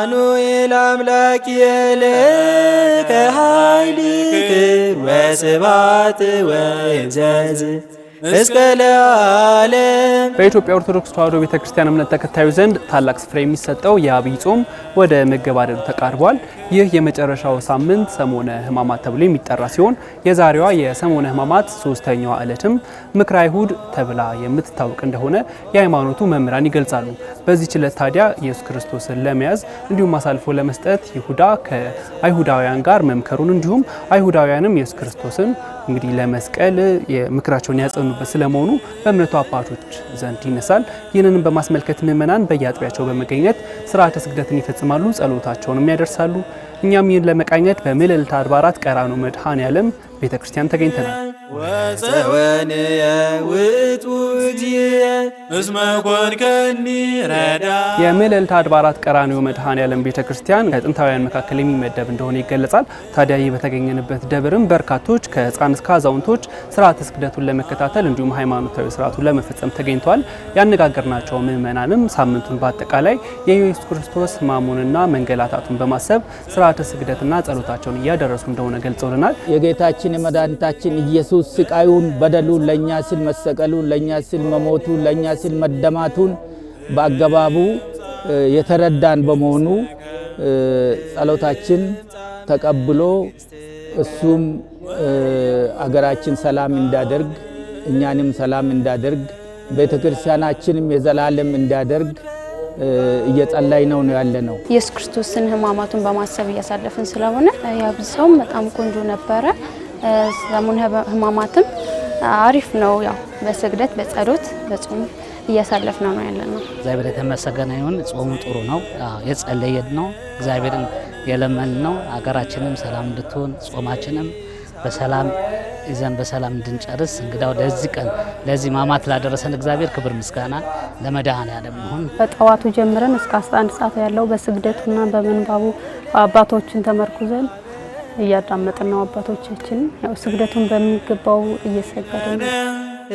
አኑኤል አምላክ የልከ ኃይልክ ወስብሐት ወንዘዝ እስከ ለዓለም። በኢትዮጵያ ኦርቶዶክስ ተዋሕዶ ቤተክርስቲያን እምነት ተከታዩ ዘንድ ታላቅ ስፍራ የሚሰጠው የአብይ ጾም ወደ መገባደዱ ተቃርቧል። ይህ የመጨረሻው ሳምንት ሰሞነ ሕማማት ተብሎ የሚጠራ ሲሆን የዛሬዋ የሰሞነ ሕማማት ሶስተኛዋ ዕለትም ምክረ አይሁድ ተብላ የምትታወቅ እንደሆነ የሃይማኖቱ መምህራን ይገልጻሉ። በዚህ ችለት ታዲያ ኢየሱስ ክርስቶስን ለመያዝ እንዲሁም አሳልፎ ለመስጠት ይሁዳ ከአይሁዳውያን ጋር መምከሩን እንዲሁም አይሁዳውያንም ኢየሱስ ክርስቶስን እንግዲህ ለመስቀል ምክራቸውን ያጸኑበት ስለመሆኑ በእምነቱ አባቶች ዘንድ ይነሳል። ይህንንም በማስመልከት ምእመናን በየአጥቢያቸው በመገኘት ስርዓተ ስግደትን ይፈጽማሉ፣ ጸሎታቸውንም ያደርሳሉ። እኛም ይህን ለመቃኘት በምልልታ አድባራት ቀራንዮ መድኃኔዓለም ቤተ ክርስቲያን ተገኝተናል። ወፀወን ውጡ እጅየ እስመ ኮንከኒ ረዳ የምልዕልተ አድባራት ቀራኒዮ መድኃኔ ዓለም ቤተ ክርስቲያን ከጥንታውያን መካከል የሚመደብ እንደሆነ ይገለጻል። ታዲያ ይህ በተገኘንበት ደብርም በርካቶች ከህፃን እስከ አዛውንቶች ስርዓተ ስግደቱን ለመከታተል እንዲሁም ሃይማኖታዊ ስርዓቱን ለመፈጸም ተገኝተዋል። ያነጋገርናቸው ምእመናንም ሳምንቱን በአጠቃላይ የኢየሱስ ክርስቶስ ሕማሙንና መንገላታቱን በማሰብ ስርዓተ ስግደትና ጸሎታቸውን እያደረሱ እንደሆነ ገልጸውልናል። የጌታችን ጌታችን የመድኃኒታችን ኢየሱስ ስቃዩን፣ በደሉን፣ ለእኛ ስል መሰቀሉን፣ ለእኛ ስል መሞቱን፣ ለእኛ ስል መደማቱን በአገባቡ የተረዳን በመሆኑ ጸሎታችን ተቀብሎ እሱም አገራችን ሰላም እንዳደርግ እኛንም ሰላም እንዳደርግ ቤተ ክርስቲያናችንም የዘላለም እንዳደርግ እየጸላይ ነው ነው ያለ ነው። ኢየሱስ ክርስቶስን ሕማማቱን በማሰብ እያሳለፍን ስለሆነ ያብዛውም በጣም ቆንጆ ነበረ። ሰሙነ ህማማትም አሪፍ ነው። ያው በስግደት በጸሎት በጾም እያሳለፍ ነው ነው ያለ ነው። እግዚአብሔር የተመሰገነ ይሁን። ጾሙ ጥሩ ነው፣ የጸለየድ ነው፣ እግዚአብሔርን የለመን ነው። አገራችንም ሰላም እንድትሆን ጾማችንም በሰላም ይዘን በሰላም እንድንጨርስ እንግዳው ለዚህ ቀን ለዚህ ማማት ላደረሰን እግዚአብሔር ክብር ምስጋና ለመድኃኔዓለም ይሁን። በጠዋቱ ጀምረን እስከ 11 ሰዓት ያለው በስግደቱና በምንባቡ አባቶችን ተመርኩዘን እያዳመጥን ነው። አባቶቻችን ያው ስግደቱን በሚገባው እየሰገዱ ድግለነ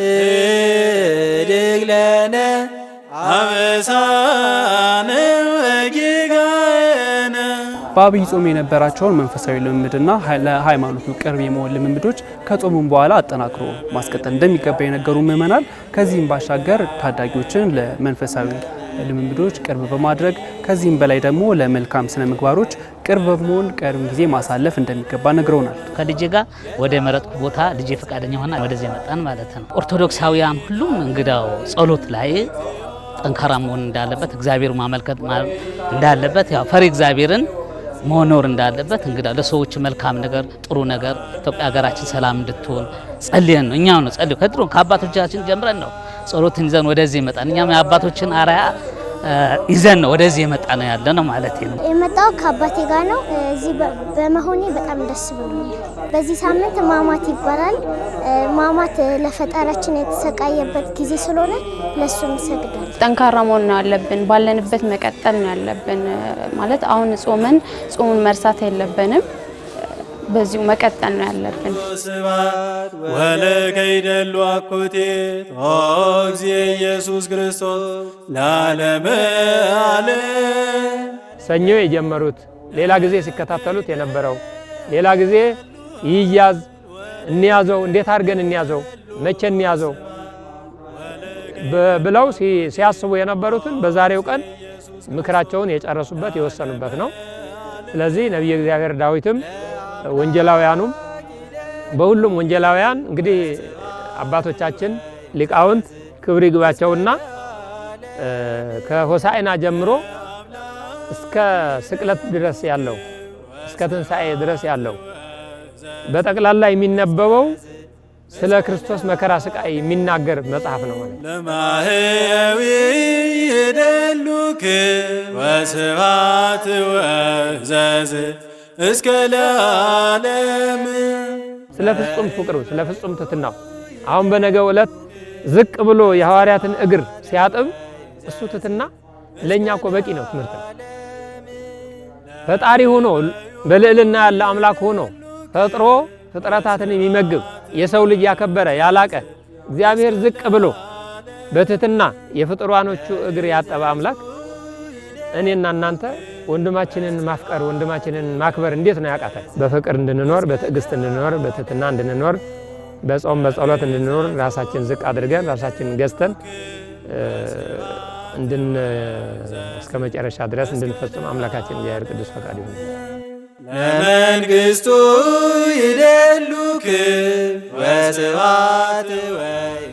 እድግ ለነ አበሳነ ወጌጋየነ በአብይ ጾም የነበራቸውን መንፈሳዊ ልምምድና ለሃይማኖቱ ቅርብ የመሆን ልምምዶች ከጾሙም በኋላ አጠናክሮ ማስቀጠል እንደሚገባ የነገሩ ምዕመናን ከዚህም ባሻገር ታዳጊዎችን ለመንፈሳዊ ልምምዶች ቅርብ በማድረግ ከዚህም በላይ ደግሞ ለመልካም ስነ ምግባሮች ቅርብ በመሆን ቀርም ጊዜ ማሳለፍ እንደሚገባ ነግረውናል። ከልጄ ጋር ወደ መረጥኩ ቦታ ልጄ ፈቃደኛ ሆና ወደዚህ መጣን ማለት ነው። ኦርቶዶክሳውያን ሁሉም እንግዳው ጸሎት ላይ ጠንካራ መሆን እንዳለበት እግዚአብሔር ማመልከት እንዳለበት ያው ፈሪ እግዚአብሔርን መኖር እንዳለበት እንግዳ ለሰዎች መልካም ነገር ጥሩ ነገር ኢትዮጵያ ሀገራችን ሰላም እንድትሆን ጸልየን ነው። እኛው ነው ጸልዩ ከድሮ ከአባቶቻችን ጀምረን ነው ጸሎትን ይዘን ወደዚህ ይመጣን። እኛም የአባቶችን አርያ ይዘን ነው ወደዚህ የመጣ ነው ያለ ነው ማለት ነው። የመጣው ከአባቴ ጋር ነው። እዚህ በመሆኔ በጣም ደስ ብሎኛል። በዚህ ሳምንት ማማት ይባላል። ማማት ለፈጣሪያችን የተሰቃየበት ጊዜ ስለሆነ ለሱ እንሰግዳለን። ጠንካራ መሆን ነው ያለብን፣ ባለንበት መቀጠል ነው ያለብን ማለት አሁን ጾመን ጾሙን መርሳት የለብንም። በዚሁ መቀጠል ነው ያለብን። ስብሐት ወለከይደሉ አኮቴት ጊዜ ኢየሱስ ክርስቶስ ለዓለመ አለ። ሰኞ የጀመሩት ሌላ ጊዜ ሲከታተሉት የነበረው ሌላ ጊዜ ይያዝ እንያዘው፣ እንዴት አድርገን እንያዘው፣ መቼ እንያዘው ብለው ሲያስቡ የነበሩትን በዛሬው ቀን ምክራቸውን የጨረሱበት የወሰኑበት ነው። ስለዚህ ነቢየ እግዚአብሔር ዳዊትም ወንጀላውያኑም በሁሉም ወንጀላውያን እንግዲህ አባቶቻችን ሊቃውንት ክብር ይግባቸውና ከሆሳዕና ጀምሮ እስከ ስቅለት ድረስ ያለው እስከ ትንሣኤ ድረስ ያለው በጠቅላላ የሚነበበው ስለ ክርስቶስ መከራ ስቃይ የሚናገር መጽሐፍ ነው ለማህያዊ ይደሉክ ወስብሐት ወዘዝ እስከ ለዓለም ስለ ፍጹም ፍቅሩ ስለ ፍጹም ትትናው አሁን በነገው ዕለት ዝቅ ብሎ የሐዋርያትን እግር ሲያጥብ እሱ ትትና ለእኛ እኮ በቂ ነው ትምህርት ፈጣሪ ሆኖ በልዕልና ያለ አምላክ ሆኖ ፈጥሮ ፍጥረታትን የሚመግብ የሰው ልጅ ያከበረ ያላቀ እግዚአብሔር ዝቅ ብሎ በትትና የፍጥሯኖቹ እግር ያጠበ አምላክ እኔና እናንተ ወንድማችንን ማፍቀር ወንድማችንን ማክበር እንዴት ነው ያቃተን? በፍቅር እንድንኖር፣ በትዕግስት እንድንኖር፣ በትህትና እንድንኖር፣ በጾም በጸሎት እንድንኖር ራሳችን ዝቅ አድርገን ራሳችንን ገዝተን እንድን እስከ መጨረሻ ድረስ እንድንፈጽም አምላካችን እግዚአብሔር ቅዱስ ፈቃድ ይሁን። ለመንግስቱ ይደሉክ ወስብሐት ወይ